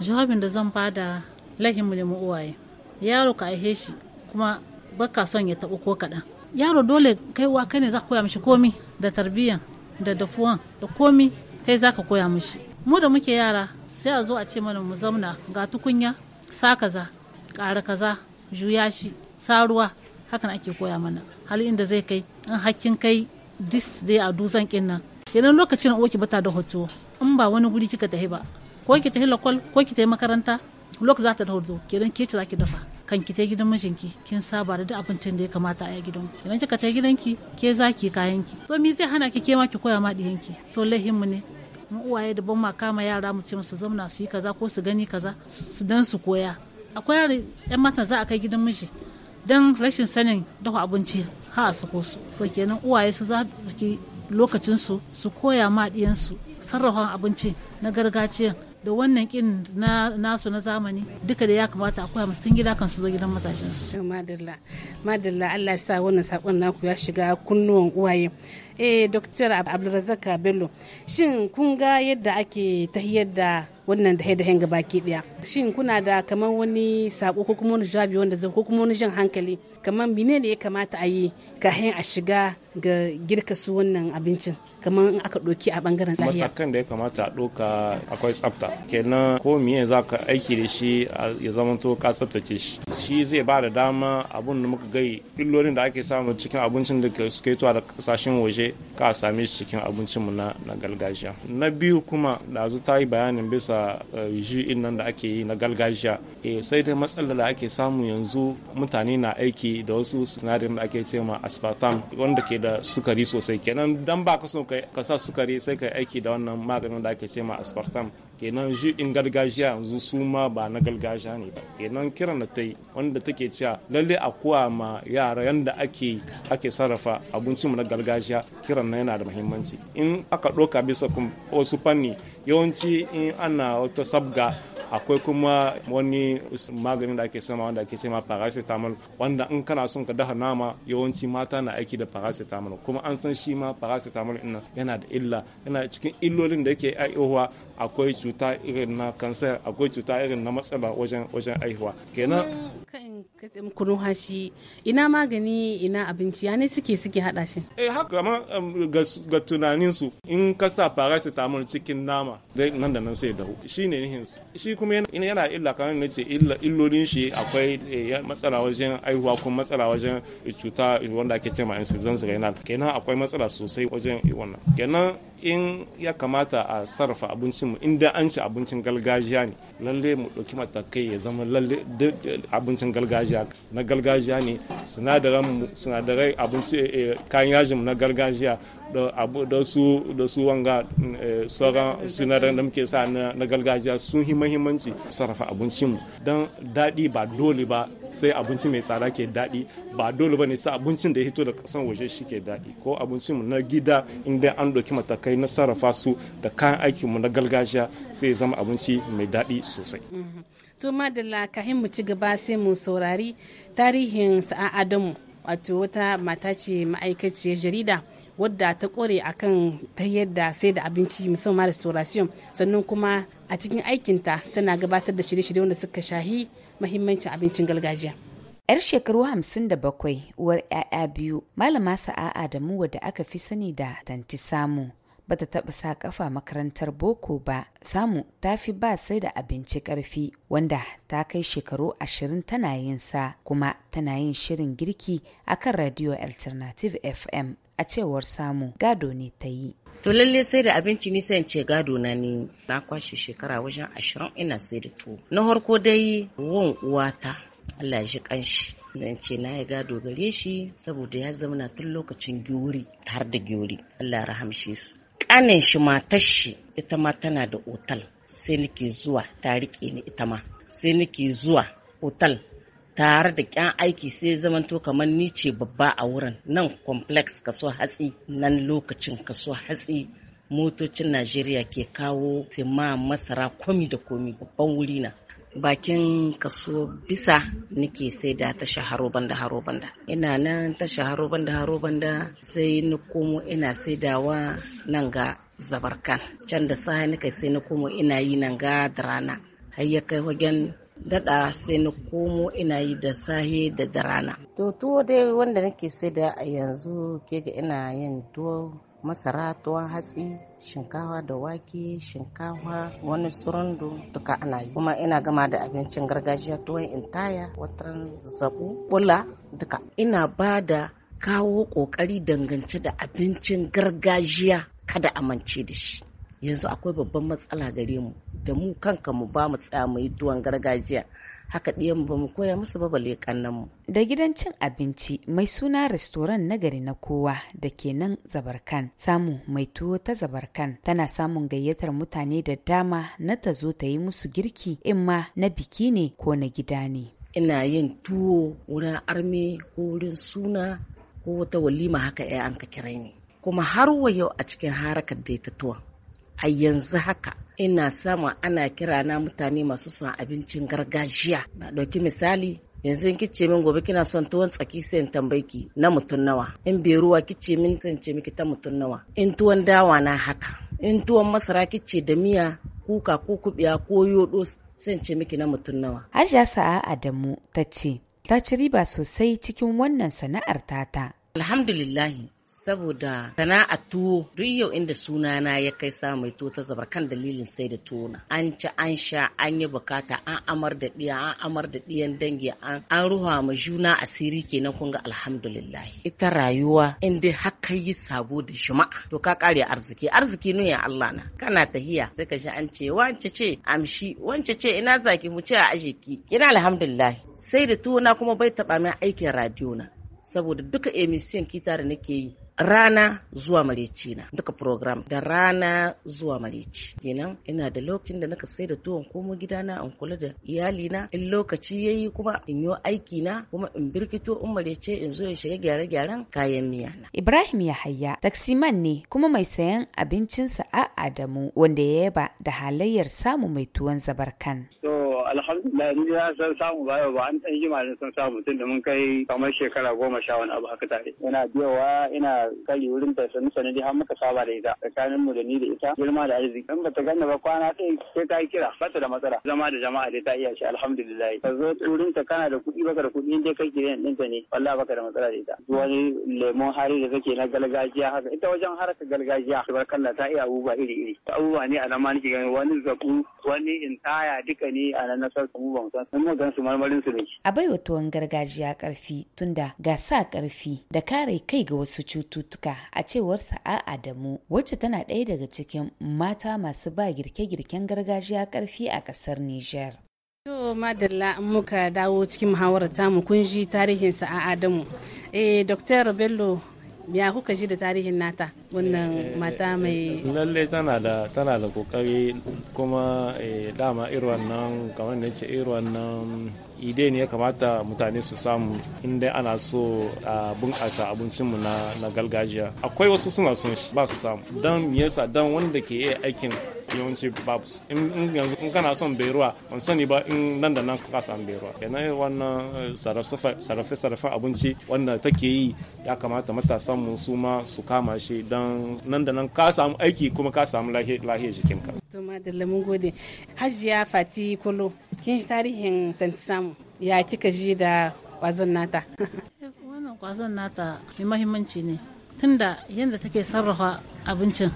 [SPEAKER 1] jawabin da zan ba bada lahin mu uwaye
[SPEAKER 3] yaro ka aihe shi kuma baka son ya taɓa ko kaɗan yaro dole kai wa kai ne za ka koya mishi komi da tarbiyyan da dafuwan da komi kai za ka koya mishi mu da muke yara sai a zo a ce mana mu zauna ga tukunya sa kaza ƙara kaza juya shi saruwa hakan ake koya mana hali inda zai kai in hakkin kai dis dai a dutsen kin nan kenan lokacin uwa ki bata da hoto in ba wani guri kika tafi ba ko ki tafi lakol ko ki tafi makaranta lokacin za ta da hoto kenan ke ci za ki dafa kanki ta gidan mijinki kin saba da duk abincin da ya kamata a gidan idan kika ta gidanki ke zaki kayanki to me zai hana ki ke ma ki koya ma To to mu ne mu uwaye da ban ma kama yara mu ce musu zauna su yi kaza ko su gani kaza su dan su koya akwai yara yan matan za a kai gidan miji dan rashin sanin dafa abinci ha su ko su to kenan uwaye su za ki lokacin su su koya ma sarrafa abinci na gargajiya da wannan kin nasu na zamani duka da ya kamata a koya musu
[SPEAKER 1] gida kan su zo gidan mazajen su. Madalla, madalla Allah sa wannan sakon naku ya shiga kunnuwan uwaye. Eh doctor Abdulrazak Bello, shin kun ga yadda ake tahiyar da wannan da da ga baki daya. Shin kuna da kamar wani sako ko kuma wani jabi wanda zai ko kuma wani jin hankali kamar menene ya kamata a yi kahin a shiga ga girka su wannan abincin. kamar in aka ɗauki a bangaren tsariya.
[SPEAKER 4] matakan da ya kamata a ɗauka akwai tsafta kenan ko miye za ka aiki da shi ya zama to ka tsaftace shi shi zai ba da dama abun da muka gai illolin da ake samu cikin abincin da suke zuwa da kasashen waje ka same shi cikin abincinmu na gargajiya na biyu kuma da ta yi bayanin bisa e, ju'in nan da ake yi na gargajiya eh sai dai matsalar da ake samu yanzu mutane na aiki da wasu sinadarin da ake ce ma aspartam wanda ke da sukari sosai kenan dan ba ka so ka sa sukari sai ka aiki da wannan maganin da ake ce ma aspartam kenan in gargajiya yanzu su ma ba na gargajiya ne ba kenan kiran da ta yi wanda take cewa lalle a kowa ma yara yanda ake ake sarrafa abincin mu na gargajiya kiran na yana da muhimmanci in aka ɗauka bisa wasu fanni yawanci in ana wata sabga akwai kuma wani maganin da ake sama wanda ake sama paracetamol wanda in kana son ka daha nama yawanci mata na aiki da paracetamol kuma an san shi ma paracetamol ina yana da illa yana cikin illolin da yake aihuwa akwai cuta irin na kansar akwai cuta irin na matsala wajen wajen aihuwa kenan
[SPEAKER 1] kan katsin kunun hashi ina magani ina abinci ya ne suke suke hada shi
[SPEAKER 4] eh haka ma ga tunanin su in ka sa paracetamol cikin nama dai nan da nan sai dahu shine nihin su shi kuma yana illa kamar ne ce illa illolin shi akwai eh, matsala wajen aihuwa kuma matsala wajen cuta wanda ake cewa insulinsu renal kenan akwai matsala sosai wajen wannan kenan in ya kamata a sarrafa abincin mu inda an ci abincin gargajiya ne lalle mu ɗauki matakai ya zama lalle abincin gargajiya na gargajiya ne sinadaran mu sinadarai abinci eh, kayan yajin na gargajiya da su da su wanga eh, sauran sinadaran da muke sa na gargajiya sun yi mahimmanci sarrafa abincinmu don daɗi ba dole ba sai abinci mai tsada ke daɗi ba dole ba ne sai abincin da ya hito da kasan waje shi ke daɗi ko abincinmu na gida inda an ɗauki matakai na sarrafa su da kayan aikinmu na gargajiya sai ya zama abinci mai daɗi sosai.
[SPEAKER 1] Mm-hmm. to madalla kahin mu ci gaba sai mu saurari tarihin sa'a adamu wato wata mata ce ma'aikaciyar jarida wadda ta kore kan ta yadda sai da abinci musamman restoration sannan kuma a cikin aikinta tana gabatar da shirye-shirye wanda suka shahi mahimmancin abincin
[SPEAKER 5] gargajiya. 'Yar shekaru hamsin da bakwai uwar 'ya'ya biyu malama sa'a Adamu wadda aka fi sani da tanti samu ba ta taɓa sa ƙafa makarantar boko ba samu ta fi ba sai da abinci ƙarfi wanda ta kai shekaru ashirin tana yin sa kuma tana yin shirin girki akan radio alternative fm a cewar samu gado ne ta yi
[SPEAKER 6] to lalle sai da abinci ni sai ce gado na ne na kwashe shekara wajen ashirin ina sai da tuwo na harko dai wan uwata Allah ya shi kanshi zan ce na yi gado gare shi saboda ya zamana tun lokacin gyori tare da gyori Allah ya rahamshe su kanin shi matar shi ita ma tana da otal sai nake zuwa ta rike ni ita ma sai nake zuwa otal tare da kyan aiki sai zamanto kamar ni ce babba a wurin nan complex kaso hatsi nan lokacin kaso hatsi motocin najeriya ke kawo ma masara komi da komi babban wuri na bakin kaso bisa nake sai da tasha harobanda harobanda ina nan tasha harobanda harobanda sai na komo ina wa nan ga zabarkan can da sahi nake sai na komo ina yi nan ga da har ya kai wajen dada sai na komo ina yi da sahi da darana rana to tuwo dai wanda nake sai da a yanzu ke ga ina yin tuwo masara tuwon hatsi shinkawa da wake shinkawa wani surundu duka ana yi kuma ina gama da abincin gargajiya tuwon intaya watan zabu bula duka ina ba da kawo kokari dangance da abincin gargajiya kada amince da shi yanzu akwai babban matsala gare mu da mu kanka mu ba mu tsaya mu yi tuwon gargajiya haka ɗiyan ba mu koya
[SPEAKER 5] musu ba balle kannan mu da gidan cin abinci mai suna restoran nagari na kowa da ke nan zabarkan samu mai tuwo ta zabarkan tana samun gayyatar mutane da dama na ta zo ta yi musu girki in ma na biki ne ko na gida ne ina yin tuwo wurin arme ko wurin suna ko wata walima haka ya
[SPEAKER 6] an ka kira ni kuma har wa yau a cikin harakar da ta tuwon a yanzu haka ina sama ana kira na mutane masu son abincin gargajiya na ɗauki misali yanzu in kice min gobe kina son tuwon tsaki sai in tambayi na mutum nawa in bai ruwa kice min zan ce miki ta mutum nawa in tuwon dawa na haka in tuwon masara kice da miya
[SPEAKER 5] kuka ko kubiya ko yodo sai in ce miki na mutum nawa Hajiya Sa'a Adamu ta ce ta ci riba sosai cikin wannan sana'ar tata Alhamdulillahi
[SPEAKER 6] saboda sana'a tuwo duk yau inda sunana ya kai sa mai tuwo ta zabar kan dalilin sai da tuwo na an ci an sha an yi bukata an amar da ɗiya an amar da ɗiyan dangi an an ma juna asiri kenan kun ga alhamdulillah ita rayuwa in dai haka yi sabo da juma'a to ka kare arziki arziki nu ya Allah na kana tahiya sai ka ji an ce wance ce amshi wance ce ina zaki mu ce a aje ki ina alhamdulillah sai da tuwo na kuma bai taba min aikin radiyo na saboda duka emission kita da nake yi rana zuwa maleci na duka program da rana zuwa maleci. kenan ina da lokacin da naka sai da tuwon komo na in kula da iyali na in lokaci yayi kuma in yi aiki na kuma in birkito in in zo in shiga gyare-gyaren kayan miya na
[SPEAKER 2] Ibrahim
[SPEAKER 5] Yahaya taksiman ne kuma mai sayan abincinsa a Adamu wanda ya yaba da halayyar samu mai tuwon zabarkan.
[SPEAKER 4] So, alhamdulillah ni ya san samu ba ba an dan jima ne san samu tun da mun kai kamar shekara goma sha wani abu haka tare ina biyowa ina kari wurin da sanu sanadi har muka saba da ita tsakanin mu da ni da ita girma da arziki in bata ganna ba kwana ta sai ta kira ta da matsala zama da jama'a dai ta iya shi alhamdulillah ka zo wurin ta kana da kuɗi baka da kuɗi in dai kai kiran ɗinta ne wallahi baka da matsala da ita wani lemon hari da kake na gargajiya haka ita wajen harkar gargajiya tabarkalla ta iya abubuwa iri iri abubuwa ne a nan ma nake gani wani zaku wani intaya duka ne a nan na sa samu ban san mun gan su marmarin su ne a
[SPEAKER 5] baiwa tuwon gargajiya karfi tunda ga sa karfi da kare kai ga wasu cututtuka a cewar sa'a a adamu wacce tana ɗaya daga cikin mata masu ba girke-girken gargajiya karfi a ƙasar Nijar.
[SPEAKER 1] To madalla in muka dawo cikin muhawarar tamu kun ji tarihin sa'a Adamu. Eh Dr. Bello ya kuka ji da tarihin nata wannan eh, eh, mata mai
[SPEAKER 4] lalle tana da tana da kokari kuma eh, dama irin nan kamar ne ce irin nan ide ne ya kamata mutane su samu inda ana so a bunkasa abincinmu na gargajiya akwai wasu suna son ba su samu don yasa don wanda ke iya aikin yawanci babu in kana son beruwa ban sani ba in nan da nan ka san beruwa kenan eh, wannan eh, sarrafe sarrafe abinci wanda take yi ya kamata matasan mu su ma su kama shi dan nan da nan ka samu aiki kuma ka samu lahiyar jikinka to
[SPEAKER 1] madalla mun gode hajiya fati kolo kin tarihin tanti samu ya kika ji da kwazon nata
[SPEAKER 3] eh, wannan kwazon nata mai mahimmanci ne tunda yadda take sarrafa abincin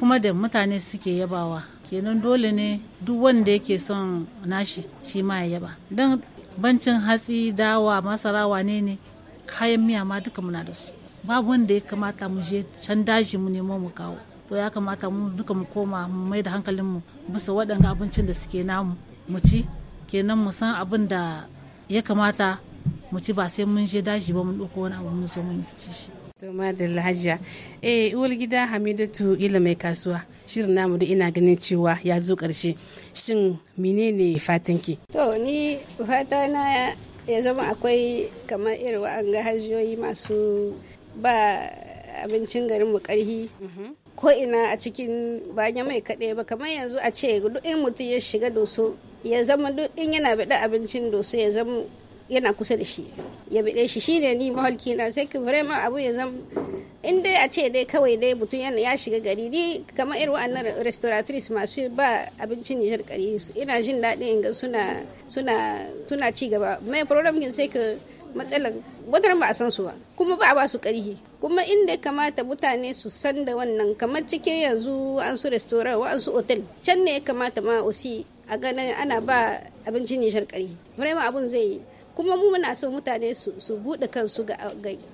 [SPEAKER 3] kuma da mutane suke yabawa kenan dole ne duk wanda yake son nashi shi ma ya yaba don bancin hatsi dawa masara wane ne kayan miya ma duka muna da su babu wanda ya kamata mu je can daji mu nemo mu kawo to ya kamata mu duka mu koma mu mai da hankalin mu bisa waɗanga abincin da suke namu mu ci kenan mu san abin da ya kamata mu ci ba sai mun je daji ba mu ɗauko wani abu mun zo mun ci shi
[SPEAKER 1] madalla hajiya eh uwar gida hamidatu ila mai kasuwa shirin namu da ina ganin cewa ya zo karshe shin menene fatanki
[SPEAKER 2] to ni fata na ya zama akwai kamar irin wa'anga hajiyoyi masu ba abincin garinmu karhi mhm. ko ina a cikin banya mai kaɗai ba kamar yanzu a ce duk in mutum ya shiga doso ya zama duk in yana bada abincin doso ya zama yana kusa da shi ya bide shi shine ni mahalki na sai ka ma abu ya zama in dai a ce dai kawai dai mutum yana ya shiga gari ni kamar irin wa'annan restauratrice masu ba abincin nijar gari ina jin daɗin in ga suna suna ci gaba mai program sai ka matsalan wadar ba a san su ba kuma ba a ba su karhi kuma inda kamata mutane su san da wannan kamar cikin yanzu an su restoran wa an su hotel can ne ya kamata ma osi a ganin ana ba abincin nishar karhi vraiment abun zai yi. kuma mu muna so mutane su buɗe kansu ga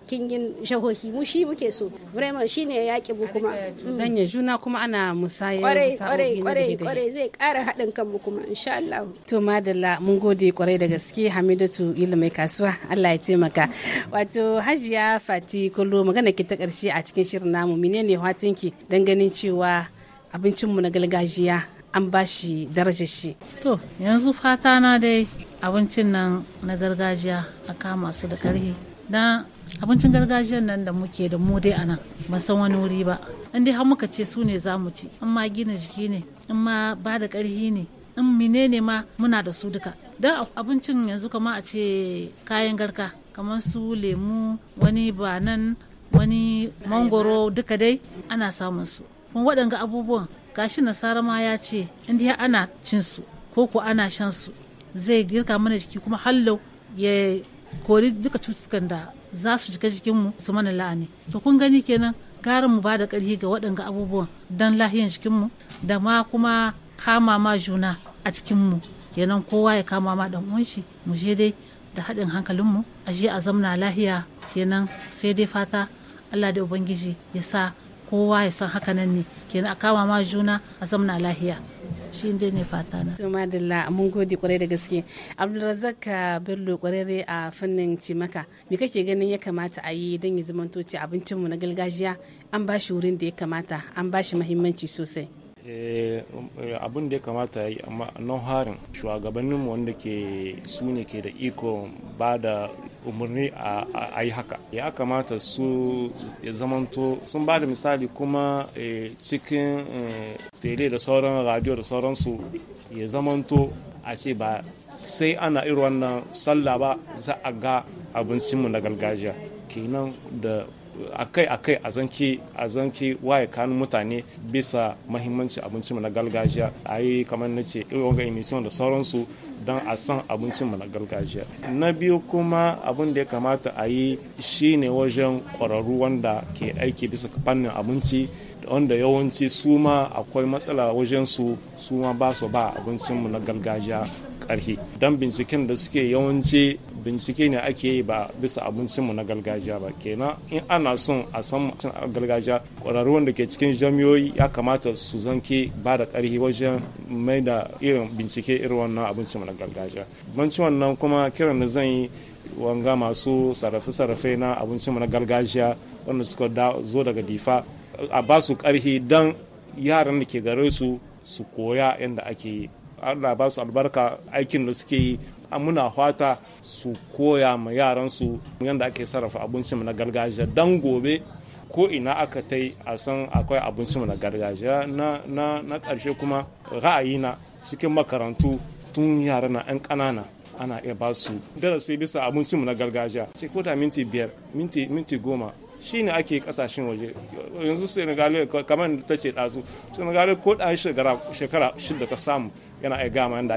[SPEAKER 2] kingin jahohi mu shi muke so vraiment shine yaƙi mu kuma mm. dan ya
[SPEAKER 1] juna kuma ana musaya kwarai kwarai kwarai
[SPEAKER 2] zai ƙara haɗin kanmu kuma insha Allah
[SPEAKER 1] to madalla mun gode kwarai da gaske Hamidatu mai kasuwa Allah ya taimaka wato Hajiya Fati kullu magana ki ta karshe a cikin shirin namu menene ki dan ganin cewa abincin mu na gargajiya an ba shi darajar shi to yanzu fata na dai abincin nan na
[SPEAKER 3] gargajiya a kama su da karhi dan abincin gargajiyar nan da muke da mu dai anan nan ba san wani wuri ba in dai har muka ce su ne za mu ci in ma gina jiki ne in ma ba da karhi ne in menene ma muna da su duka da abincin yanzu kama a ce kayan garka kamar su lemu wani ba nan wani mangoro duka dai ana samun su Kun waɗanga abubuwan gashi nasara ma ya ce indiya ana cin su ko ko ana shan su zai girka mana jiki kuma hallo ya kori duka cututtukan da za su jika mu su mana la'ani to kun gani kenan gara mu ba da ƙarfi ga waɗanga abubuwan don lahiyan mu da ma kuma kama ma juna a cikin mu kenan kowa ya kama ma ɗan uwan shi mu je dai da haɗin hankalin mu a je a zamna lahiya kenan sai dai fata allah da ubangiji ya sa kowa ya san hakanan ne kenan a kama ma juna a zamna lahiya
[SPEAKER 1] shi dai ne fata na. Tuma madalla mun gode kwarai da gaske. Abdulrazak Bello kwararre a fannin cimaka. Me kake ganin ya kamata a yi don ya zamanto ci abincin mu na gargajiya an ba shi wurin da ya kamata an ba shi muhimmanci sosai.
[SPEAKER 4] Eh, abin da ya kamata ya yi amma nan harin shugabanninmu wanda ke su ne ke da iko ba da umarni a yi haka ya kamata su ya zamanto sun ba da misali kuma eh, cikin eh, tele da sauran radio da sauransu ya zamanto a ce ba sai ana irin wannan sallah ba za a ga abincinmu na gargajiya kenan da akai-akai a zanki a zanki waye kan mutane bisa mahimmanci abincinmu na gargajiya a yi kamar na ce irin wanga emission da sauransu don a san abincin mana gargajiya na biyu kuma abin da ya kamata a yi shine wajen ƙwararru wanda ke aiki bisa fannin abinci wanda yawanci su ma akwai matsala wajen su su ma ba su ba abincinmu na gargajiya karhi don binciken da suke yawanci bincike ne ake yi ba bisa abincinmu na gargajiya ba kenan in ana son a san abincin gargajiya ƙwararru wanda ke cikin jami'oyi ya kamata su zanke ba da karhi wajen mai da irin bincike irin wannan abincinmu na gargajiya bancin wannan kuma kiran da zan yi wanga masu sarrafe-sarrafe na abincinmu na gargajiya wanda suka zo daga difa a ba su ƙarfi don yaran da ke gare su su koya yadda ake yi Allah ba su albarka aikin da suke yi muna fata su koya ma yaransu yadda ake sarrafa abincin na gargajiya don gobe ko ina aka ta yi a san akwai abincin na gargajiya na ƙarshe kuma ra'ayina cikin makarantu tun yara na 'yan ƙanana ana iya ba su darasi bisa abincin na gargajiya sai ko da minti biyar minti goma shi shine ake kasashen waje yanzu senegal kamar ta ce ɗazu senegal ko ɗan shekara shida ka samu yana iya gama yadda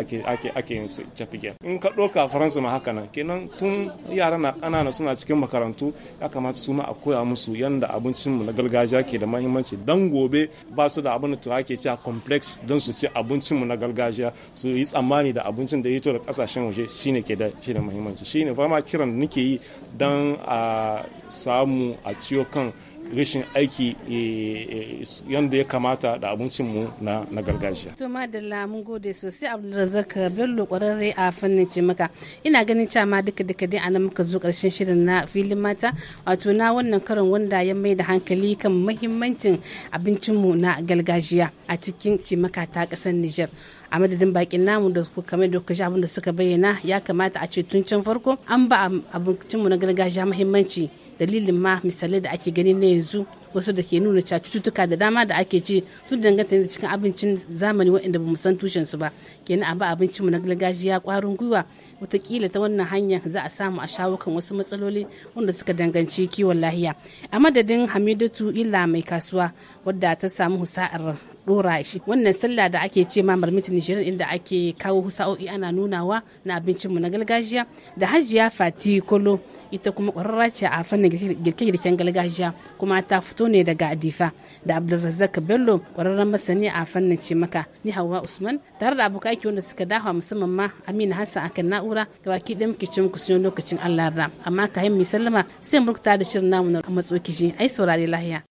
[SPEAKER 4] ake yin su ta fige in ka ɗauka faransa ma haka nan kenan tun yara na ƙanana suna cikin makarantu ya kamata su ma a koya musu yadda abincinmu na gargajiya ke da mahimmanci dan gobe ba su da abin da to ake cewa complex don su ci mu na gargajiya su yi tsammani da abincin da ya to da kasashen waje shine ke da shi da mahimmanci shine fama kiran da nake yi don a samu a ciyo kan rashin aiki e, e, yadda ya kamata da abincinmu na gargajiya.
[SPEAKER 1] To madalla mun gode sosai Abdulrazak Bello kwararre a fannin cimaka. Ina ganin cewa ma duka duka dai anan muka zo karshen shirin na filin mata wato na wannan karin wanda ya mai da hankali kan muhimmancin abincinmu na gargajiya a cikin cimaka ta kasar Nijar. a madadin bakin namu da ku kamar da kashi abin da suka bayyana ya kamata a ce tun can farko an ba abincinmu na gargajiya muhimmanci dalilin ma misalai da ake gani na yanzu wasu da ke nuna cewa cututtuka da dama da ake ci sun danganta da cikin abincin zamani waɗanda ba mu san tushen su ba kenan a ba abincin mu na gargajiya ƙwarin gwiwa watakila ta wannan hanya za a samu a shawo kan wasu matsaloli wanda suka danganci kiwon lahiya a madadin hamidatu illa mai kasuwa wadda ta samu husa'ar dora shi wannan sallah da ake ce ma marmitin nishirin inda ake kawo sa'o'i ana nunawa na abincinmu na gargajiya da hajiya fati kolo ita kuma ƙwararra ce a fannin girke-girken gargajiya kuma ta fito ne daga adifa da abdulrazak bello ƙwararren masani a fannin cimaka ni hawa usman tare da abokan aiki wanda suka dafa musamman ma amina hassan akan na'ura ga baki ɗin muke ce muku lokacin allah ra amma ka yi sallama sai murkuta da shirin namu na matsokici ai saurari lahiya.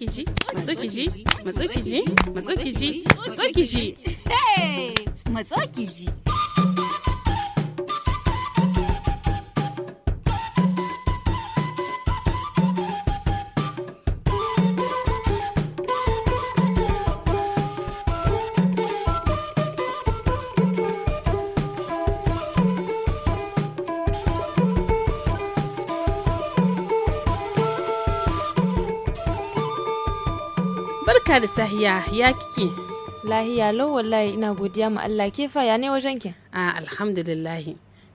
[SPEAKER 1] ki ji
[SPEAKER 5] matso ki
[SPEAKER 7] barka da sahiya ya kike lahiya lau wallahi ina godiya ma Allah ke fa ya ne wajen ki a ah, alhamdulillah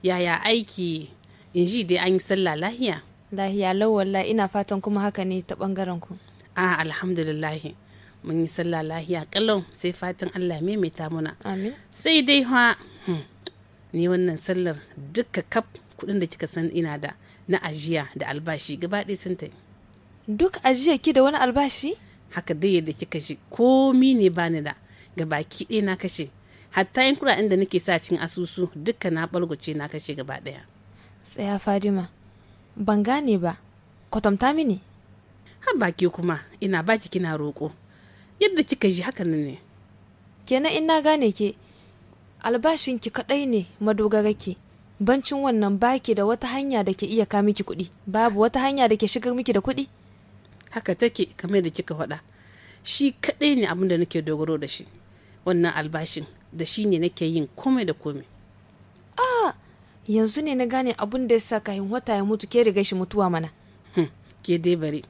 [SPEAKER 7] yaya aiki in ji dai an yi sallah lahiya lahiya lau wallahi ina fatan kuma haka ne ta bangaren ku a ah, alhamdulillah mun yi sallah lahiya
[SPEAKER 1] kallon sai fatan Allah maimaita muna amin sai dai ha hmm, ni wannan sallar duka kaf kudin da kika san ina da na ajiya da albashi gaba ɗaya sun ta duk ajiya ki da wani albashi? haka dai yadda kika shi komi ne bani da ga baki ɗaya na kashe hatta yin kuɗaɗen da nake sa cin asusu dukka na ɓalgwace na kashe gaba ɗaya.
[SPEAKER 7] tsaya fadima ban gane ba kwatanta mini ha baki kuma ina baki kina roƙo yadda kika ji haka ne kenan in na gane ke albashin ki kaɗai ne madogara ke bancin wannan baki da wata hanya da ke iya ka miki kuɗi babu wata hanya da ke shigar miki da kuɗi haka take kamar da kika faɗa shi kaɗai ne abin da nake dogaro
[SPEAKER 1] da shi wannan albashin da shi ne nake yin komai da komai
[SPEAKER 7] ah yanzu ne na gane abin da ya sa kayan wata ya mutu ke riga shi mutuwa mana hmm, ke dai bare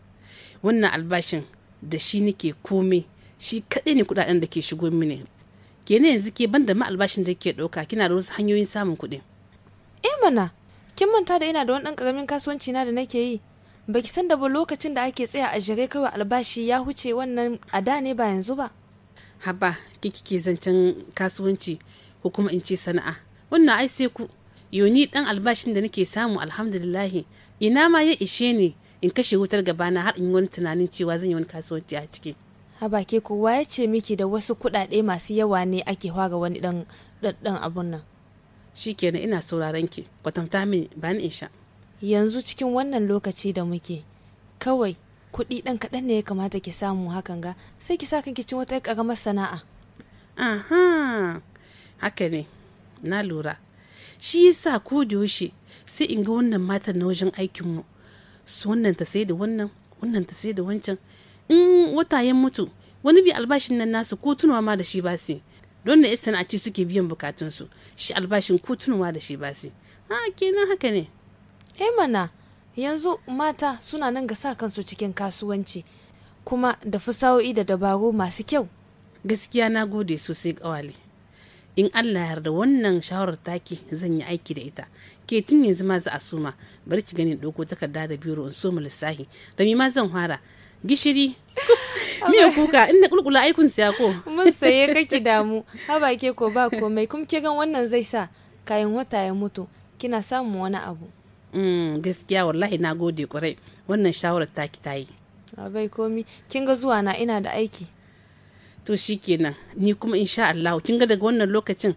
[SPEAKER 7] wannan albashin da shi nake komai shi kaɗai ne kuɗaɗen
[SPEAKER 1] da ke shigo mini ke ne yanzu ke banda ma albashin da ke ɗauka kina da wasu hanyoyin samun kuɗi
[SPEAKER 7] eh mana kin manta da ina da wani ɗan ƙaramin kasuwanci na da nake yi baki san da ba lokacin da ake tsaya a jere kawai albashi ya huce wannan a da ne ba yanzu ba haba kike zancen kasuwanci ko kuma in ce sana'a wannan ai sai ku
[SPEAKER 1] yoni dan albashin da nake samu alhamdulillahi ina ma ya ishe ni in kashe
[SPEAKER 7] wutar gabana har in wani tunanin cewa zan yi wani kasuwanci a ciki haba ke kowa ya ce miki da wasu kuɗaɗe masu yawa ne ake hwaga wani dan dan abun nan shikenan ina
[SPEAKER 1] sauraron ki kwatanta mini
[SPEAKER 7] ba ni in sha yanzu cikin wannan lokaci da muke kawai kuɗi ɗan kaɗan ne ya kamata ki samu hakan ga sai ki sa kanki cin wata ƙaramar sana'a
[SPEAKER 1] aha haka ne na lura shi yasa ko da yaushe sai in ga wannan matan na wajen aikinmu su wannan ta sai da wannan wannan ta sai da wancan in wata ya mutu wani bi albashin nan nasu ko tunawa ma da shi ba su don sana'a ce suke biyan bukatunsu shi albashin ko tunawa da shi
[SPEAKER 7] ba su ha kenan haka ne eh mana yanzu mata suna nan ga sa kansu cikin kasuwanci kuma da fusawo'i da dabaru masu kyau gaskiya na gode sosai kawale in allah ya yarda wannan shawarar taki zan yi
[SPEAKER 1] aiki da ita ke tun yanzu ma za a suma bari ki gani takarda da biro in soma lissafi da ma zan fara gishiri ya kuka in na kulkula aikun siya ko
[SPEAKER 7] mun saye kake damu haba ke ko ba komai kuma ke gan wannan zai sa kayan wata ya mutu kina samun wani abu
[SPEAKER 1] Mm, gaskiya wallahi na gode kwarai wannan shawarar taki ta yi bai komi kin ga zuwa na ina da aiki to shikenan ni kuma insha Allah kin ga daga wannan lokacin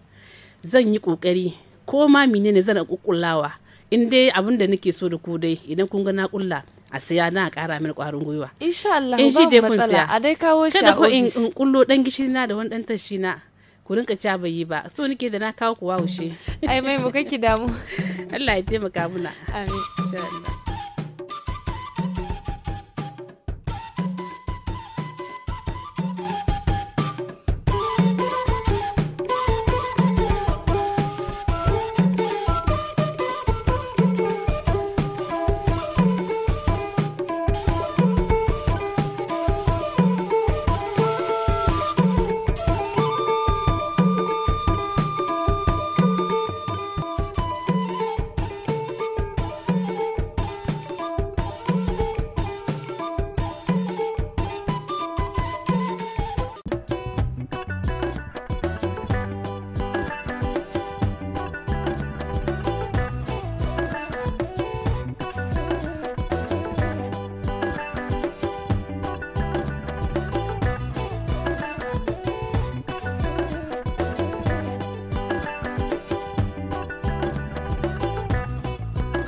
[SPEAKER 1] zan yi kokari ko ma menene zan kukullawa in dai abin da nake so da ku dai idan kun ga na kulla a siya na kara min kwarin gwiwa
[SPEAKER 7] insha Allah eh, ba matsala a dai kawo shi kada ko in
[SPEAKER 1] kullo dan gishiri na da wani dan tashi na ku rinka ca bai yi ba so nake da na kawo ku wawushe ai mai mu kake damu Allah ya taimaka muna amin insha Allah